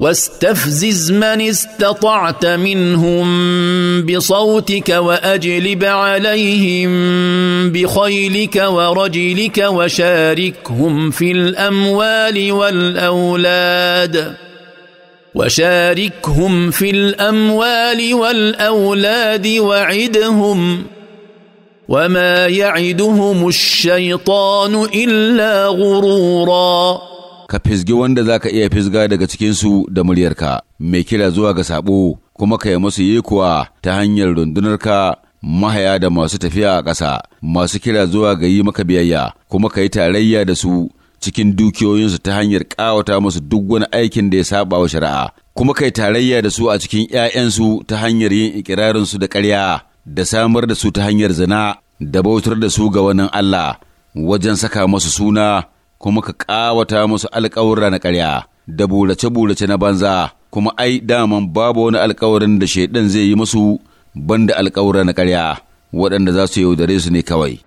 واستفزز من استطعت منهم بصوتك واجلب عليهم بخيلك ورجلك وشاركهم في الاموال والاولاد وشاركهم في الاموال والاولاد وعدهم وما يعدهم الشيطان الا غروراً ka fisgi wanda za ka iya fisga daga cikinsu da muryarka, mai kira zuwa ga saɓo, kuma ka yi musu yi ta hanyar rundunarka mahaya da masu tafiya a ƙasa, masu kira zuwa ga yi maka biyayya, kuma ka yi tarayya da su cikin dukiyoyinsu ta hanyar ƙawata musu duk wani aikin da ya saɓa wa shari'a, kuma ka yi tarayya da su a cikin ‘ya'yansu ta hanyar yin ikirarinsu da ƙarya, da samar da su ta hanyar zina, da bautar da su ga wani Allah, wajen saka masu suna kuma ka ƙawata musu alƙawura na ƙarya da burace-burace na banza kuma ai daman babu wani alƙawarin da shaidan zai yi musu banda alƙawura na ƙarya waɗanda za su yaudare su ne kawai.